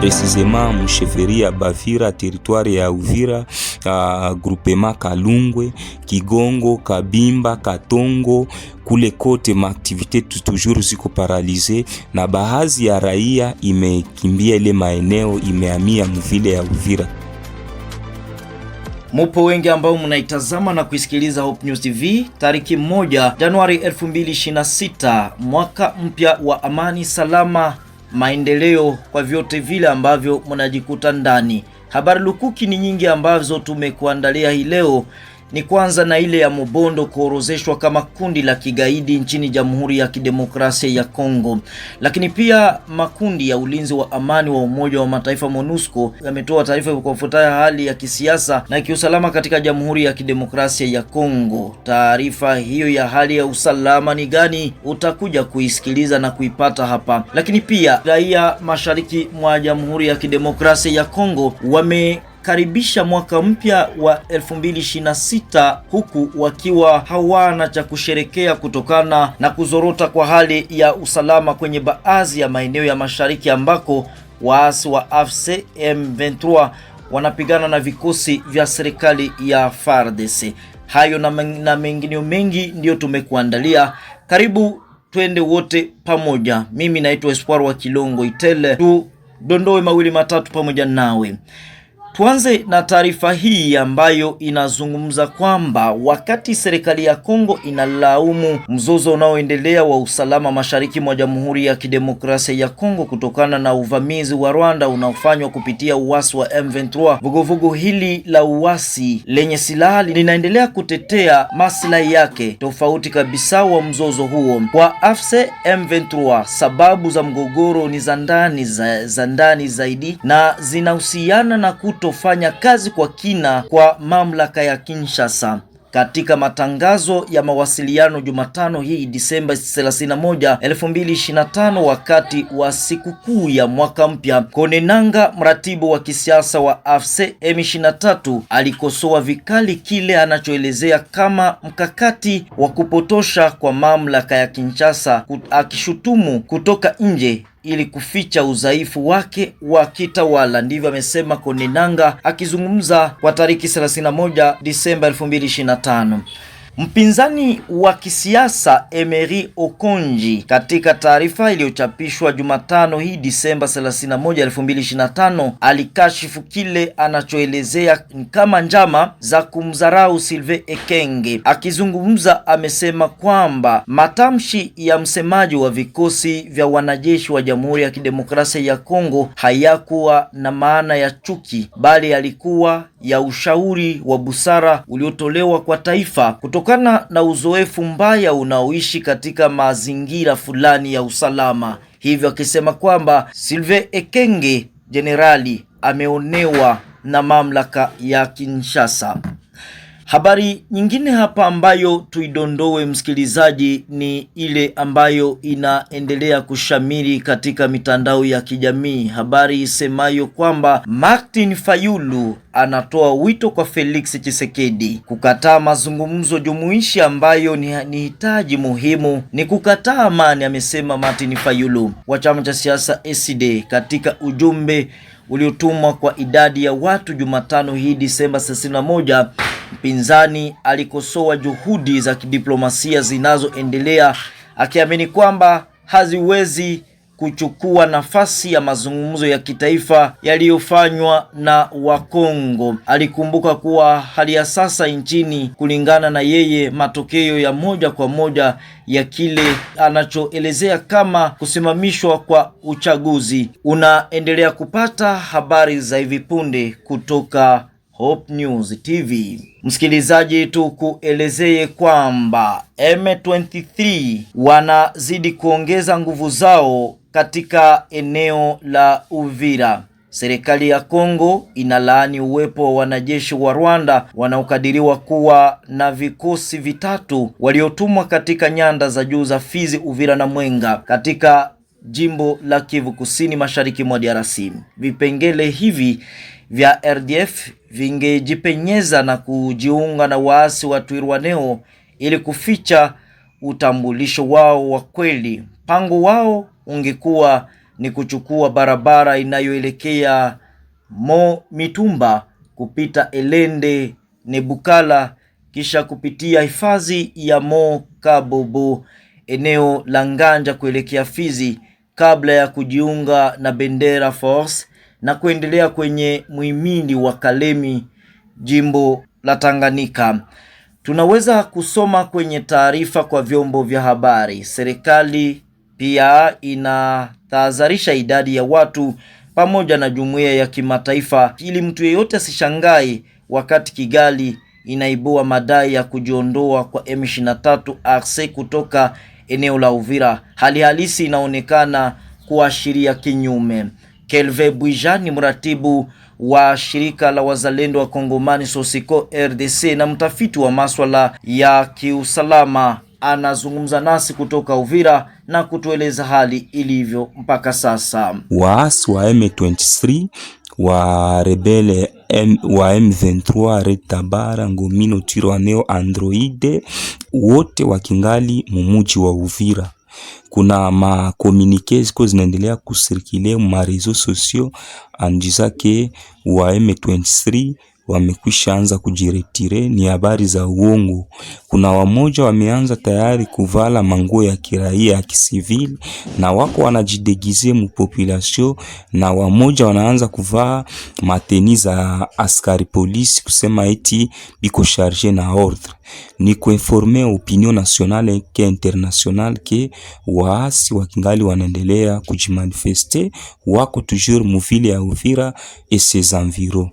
precisement musheferi ya Bavira territoire ya Uvira uh, groupema Kalungwe, Kigongo, Kabimba, Katongo kule kote maaktivite toujours ziko paralize na baadhi ya raia imekimbia ile maeneo imehamia mvile ya Uvira. Mupo wengi ambao mnaitazama na kuisikiliza Hope News TV. Tariki moja Januari 2026 mwaka mpya wa amani salama maendeleo kwa vyote vile ambavyo mnajikuta ndani. Habari lukuki ni nyingi ambazo tumekuandalia hii leo ni kwanza na ile ya Mobondo kuorozeshwa kama kundi la kigaidi nchini Jamhuri ya Kidemokrasia ya Kongo. Lakini pia makundi ya ulinzi wa amani wa Umoja wa Mataifa MONUSCO yametoa taarifa kwa kufuatia hali ya kisiasa na kiusalama katika Jamhuri ya Kidemokrasia ya Kongo. Taarifa hiyo ya hali ya usalama ni gani? Utakuja kuisikiliza na kuipata hapa. Lakini pia raia mashariki mwa Jamhuri ya Kidemokrasia ya Kongo wame kukaribisha mwaka mpya wa 2026 huku wakiwa hawana cha kusherekea kutokana na kuzorota kwa hali ya usalama kwenye baadhi ya maeneo ya mashariki ambako waasi wa AFC M23 wanapigana na vikosi vya serikali ya FARDC. Hayo na mengineo mengi ndiyo tumekuandalia. Karibu twende wote pamoja. Mimi naitwa Espoir wa Kilongo Itele, tudondoe mawili matatu pamoja nawe. Tuanze na taarifa hii ambayo inazungumza kwamba wakati serikali ya Kongo inalaumu mzozo unaoendelea wa usalama mashariki mwa Jamhuri ya Kidemokrasia ya Kongo kutokana na uvamizi wa Rwanda unaofanywa kupitia uasi wa M23, vuguvugu hili la uasi lenye silaha linaendelea kutetea maslahi yake tofauti kabisa wa mzozo huo kwa afse M23. Sababu za mgogoro ni za ndani za ndani zaidi na zinahusiana na kuto kutofanya kazi kwa kina kwa mamlaka ya Kinshasa. Katika matangazo ya mawasiliano Jumatano hii Disemba 31, 2025 wakati wa sikukuu ya mwaka mpya, Konenanga, mratibu wa kisiasa wa AFC M23, alikosoa vikali kile anachoelezea kama mkakati wa kupotosha kwa mamlaka ya Kinshasa, akishutumu kutoka nje ili kuficha udhaifu wake wa kitawala. Ndivyo amesema Koninanga akizungumza kwa tariki 31 Disemba 2025. Mpinzani wa kisiasa Emery Okonji katika taarifa iliyochapishwa Jumatano hii Disemba 31, 2025 alikashifu kile anachoelezea kama njama za kumdharau Sylvain Ekenge. Akizungumza, amesema kwamba matamshi ya msemaji wa vikosi vya wanajeshi wa Jamhuri ya Kidemokrasia ya Kongo hayakuwa na maana ya chuki, bali yalikuwa ya ushauri wa busara uliotolewa kwa taifa kutoka kutokana na uzoefu mbaya unaoishi katika mazingira fulani ya usalama, hivyo akisema kwamba Sylvain Ekenge jenerali ameonewa na mamlaka ya Kinshasa. Habari nyingine hapa ambayo tuidondoe msikilizaji, ni ile ambayo inaendelea kushamiri katika mitandao ya kijamii, habari isemayo kwamba Martin Fayulu anatoa wito kwa Felix Tshisekedi kukataa mazungumzo jumuishi ambayo ni, ni hitaji muhimu ni kukataa amani, amesema Martin Fayulu wa chama cha siasa ACD katika ujumbe uliotumwa kwa idadi ya watu Jumatano hii Disemba 31 Mpinzani alikosoa juhudi za kidiplomasia zinazoendelea akiamini kwamba haziwezi kuchukua nafasi ya mazungumzo ya kitaifa yaliyofanywa na Wakongo. Alikumbuka kuwa hali ya sasa nchini, kulingana na yeye, matokeo ya moja kwa moja ya kile anachoelezea kama kusimamishwa kwa uchaguzi. Unaendelea kupata habari za hivi punde kutoka Hope News TV. Msikilizaji, tukuelezee kwamba M23 wanazidi kuongeza nguvu zao katika eneo la Uvira. Serikali ya Kongo inalaani uwepo wa wanajeshi wa Rwanda wanaokadiriwa kuwa na vikosi vitatu waliotumwa katika nyanda za juu za Fizi, Uvira na Mwenga katika jimbo la Kivu Kusini, mashariki mwa DRC. Vipengele hivi vya RDF vingejipenyeza na kujiunga na waasi wa Twirwaneho ili kuficha utambulisho wao wa kweli. Mpango wao ungekuwa ni kuchukua barabara inayoelekea Mo Mitumba kupita Elende Nebukala kisha kupitia hifadhi ya Mo Kabobo eneo la Nganja kuelekea Fizi kabla ya kujiunga na Bendera Force na kuendelea kwenye muhimili wa Kalemi, jimbo la Tanganyika. Tunaweza kusoma kwenye taarifa kwa vyombo vya habari, serikali pia inatahadharisha idadi ya watu pamoja na jumuiya ya kimataifa ili mtu yeyote asishangae wakati Kigali inaibua madai ya kujiondoa kwa M23 RC kutoka eneo la Uvira. Hali halisi inaonekana kuashiria kinyume. Kelve Bwija ni mratibu wa shirika la wazalendo wa Kongomani Sosiko RDC na mtafiti wa maswala ya kiusalama anazungumza nasi kutoka Uvira na kutueleza hali ilivyo mpaka sasa. Waasi wa M23 wa rebele M, wa M23 Retabara Ngomino Tiroaneo Androide wote wakingali mumuji wa Uvira kuna ma communique ziko zinaendelea kusirkile mu ma reseaux sociaux en disant que wa M23 wamekwisha anza kujiretire, ni habari za uongo. Kuna wamoja wameanza tayari kuvala manguo ya kiraia ya kisivili, na wako wanajidegize mu population, na wamoja wanaanza kuvaa mateni za askari polisi, kusema eti biko charge na ordre. Ni kuinforme opinion nationale ke international ke waasi wakingali wanaendelea kujimanifeste, wako toujours muvile ya Uvira et ses environs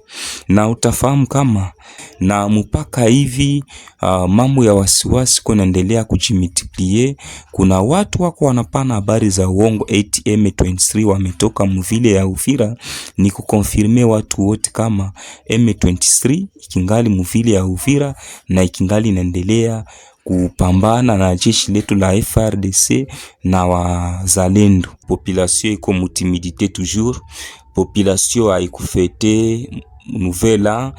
na kufahamu kama na mpaka hivi uh, mambo ya wasiwasi kunaendelea kujimultiplie. Kuna watu wako wanapana habari za uongo ATM 23 wametoka mvile ya Uvira, ni kukonfirme watu wote kama M23 ikingali mvile ya Uvira na ikingali inaendelea kupambana na jeshi letu la FRDC na wazalendo. Population iko mutimidite toujours, population haikufete nouvel an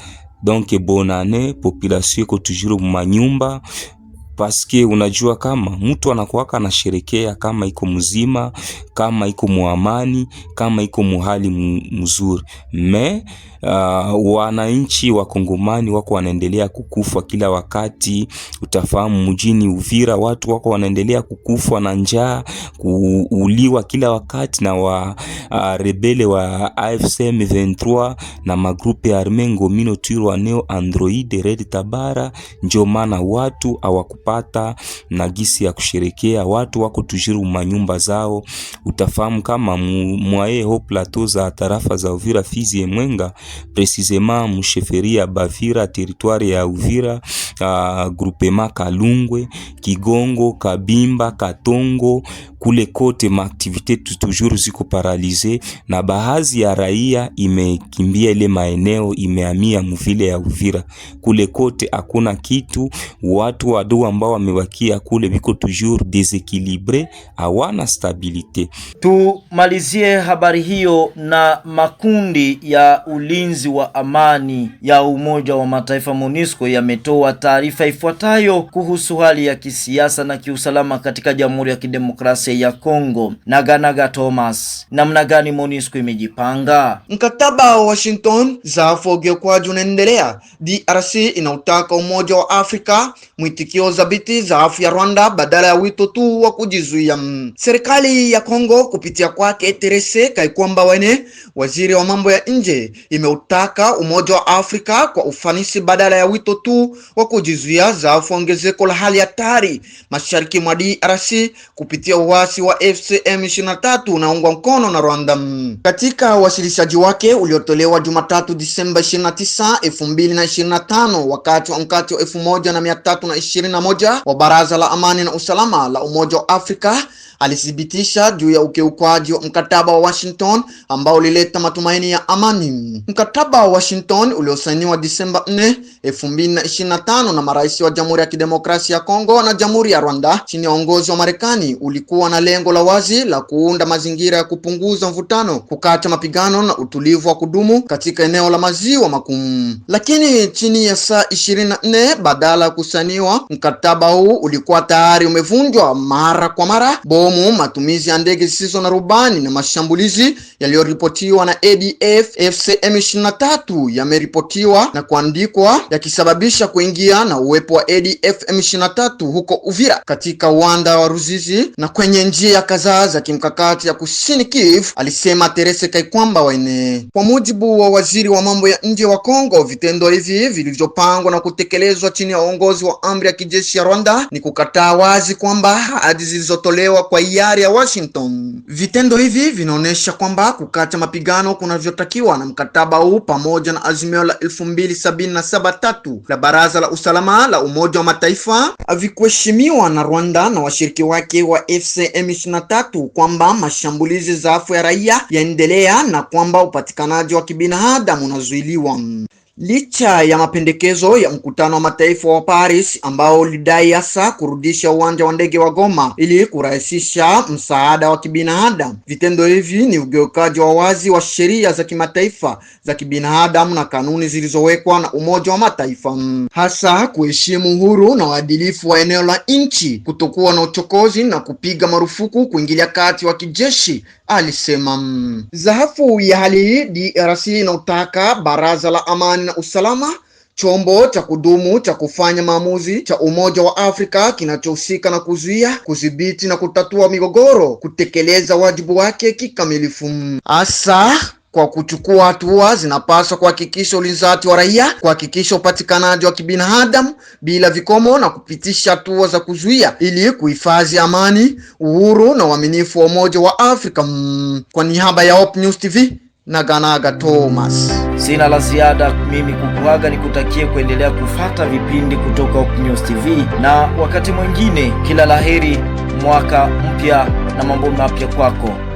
donc bonne année population iko toujours mu manyumba paske unajua kama mtu anakuwaka anasherekea kama iko mzima, kama iko muamani, kama iko muhali mzuri. Me uh, wananchi wakongomani wako wanaendelea kukufa kila wakati. Utafahamu mjini Uvira watu wako wanaendelea kukufa na njaa, kuuliwa kila wakati na wa uh, rebele wa AFC M23 na magrupe ya Armengo Mino Twirwaneho Android Red Tabara, ndio maana watu hawaku kupata na gisi ya kusherekea, watu wako tujiru manyumba zao. Utafahamu kama mwae ho plateau za tarafa za Uvira, Fizi e Mwenga, precisema Bavira, territoire ya Uvira, uh, grupema Kalungwe, Kigongo, Kabimba, Katongo kule kote maaktivite tujuru ziko paralize na baadhi ya raia imekimbia ile maeneo, imehamia mvile ya Uvira. Kule kote hakuna kitu, watu wadua ambao wamewakia kule viko toujours desequilibre, hawana stabilite. Tumalizie habari hiyo na makundi ya ulinzi wa amani ya Umoja wa Mataifa MONUSCO yametoa taarifa ifuatayo kuhusu hali ya kisiasa na kiusalama katika Jamhuri ya Kidemokrasia ya Kongo. Naganaga Thomas, namna gani MONUSCO imejipanga? Mkataba wa Washington za ukiukwaji unaendelea. DRC inautaka Umoja wa Afrika mwitikio za kudhibiti za afya Rwanda badala ya wito tu wa kujizuia. Serikali ya Kongo kupitia kwake terese Kaikwamba Wene, waziri wa mambo ya nje, imeutaka Umoja wa Afrika kwa ufanisi badala ya wito tu wa kujizuia zaafu ongezeko la hali hatari mashariki mwa DRC kupitia uasi wa FCM 23 unaungwa mkono na Rwanda. Katika wasilishaji wake uliotolewa Jumatatu Disemba 29, 2025 wakati wa mkati wa 1321 mmoja wa Baraza la Amani na Usalama la Umoja wa Afrika alithibitisha juu ya ukiukwaji wa mkataba wa Washington ambao ulileta matumaini ya amani. Mkataba wa Washington uliosainiwa Disemba 4, 2025 na marais wa Jamhuri ya Kidemokrasia ya Kongo na Jamhuri ya Rwanda chini ya uongozi wa Marekani ulikuwa na lengo la wazi la kuunda mazingira ya kupunguza mvutano, kukata mapigano na utulivu wa kudumu katika eneo la maziwa makuu. Lakini chini ya saa 24 badala ya kusainiwa, mkataba huu ulikuwa tayari umevunjwa mara kwa mara bomu ikiwemo matumizi ya ndege zisizo na rubani na mashambulizi yaliyoripotiwa na ADF FCM 23 yameripotiwa na kuandikwa yakisababisha kuingia na uwepo wa ADF M23 huko Uvira katika uwanda wa Ruzizi na kwenye njia kadhaa za kimkakati ya kusini Kiev, alisema terese Kaikwamba Waine. Kwa mujibu wa waziri wa mambo ya nje wa Kongo, vitendo hivi vilivyopangwa na kutekelezwa chini ya uongozi wa amri ya kijeshi ya Rwanda ni kukataa wazi kwamba ahadi zilizotolewa kwa hiari ya Washington. Vitendo hivi vinaonyesha kwamba kukata mapigano kunavyotakiwa na mkataba huu pamoja na azimio la 2773 la Baraza la Usalama la Umoja wa Mataifa havikuheshimiwa na Rwanda na washiriki wake wa FCM 23 kwamba mashambulizi za afu ya raia yaendelea na kwamba upatikanaji wa kibinadamu unazuiliwa. Licha ya mapendekezo ya mkutano wa mataifa wa Paris ambao ulidai hasa kurudisha uwanja wa ndege wa Goma ili kurahisisha msaada wa kibinadamu, vitendo hivi ni ugeukaji wa wazi wa sheria za kimataifa za kibinadamu na kanuni zilizowekwa na Umoja wa Mataifa, hasa kuheshimu uhuru na uadilifu wa eneo la nchi, kutokuwa na uchokozi na kupiga marufuku kuingilia kati wa kijeshi, alisema. Zahafu ya hali hii DRC inautaka baraza la amani amani na usalama, chombo cha kudumu cha kufanya maamuzi cha Umoja wa Afrika kinachohusika na kuzuia, kudhibiti na kutatua migogoro, kutekeleza wajibu wake kikamilifu hasa kwa kuchukua hatua zinapaswa kuhakikisha ulinzati wa raia, kuhakikisha upatikanaji wa kibinadamu bila vikomo na kupitisha hatua za kuzuia ili kuhifadhi amani, uhuru na uaminifu wa Umoja wa Afrika. Kwa niaba ya Hope News TV, Naganaga Thomas. Sina la ziada mimi kukuaga, nikutakie kuendelea kufata vipindi kutoka Hope News TV, na wakati mwingine, kila laheri, mwaka mpya na mambo mapya kwako.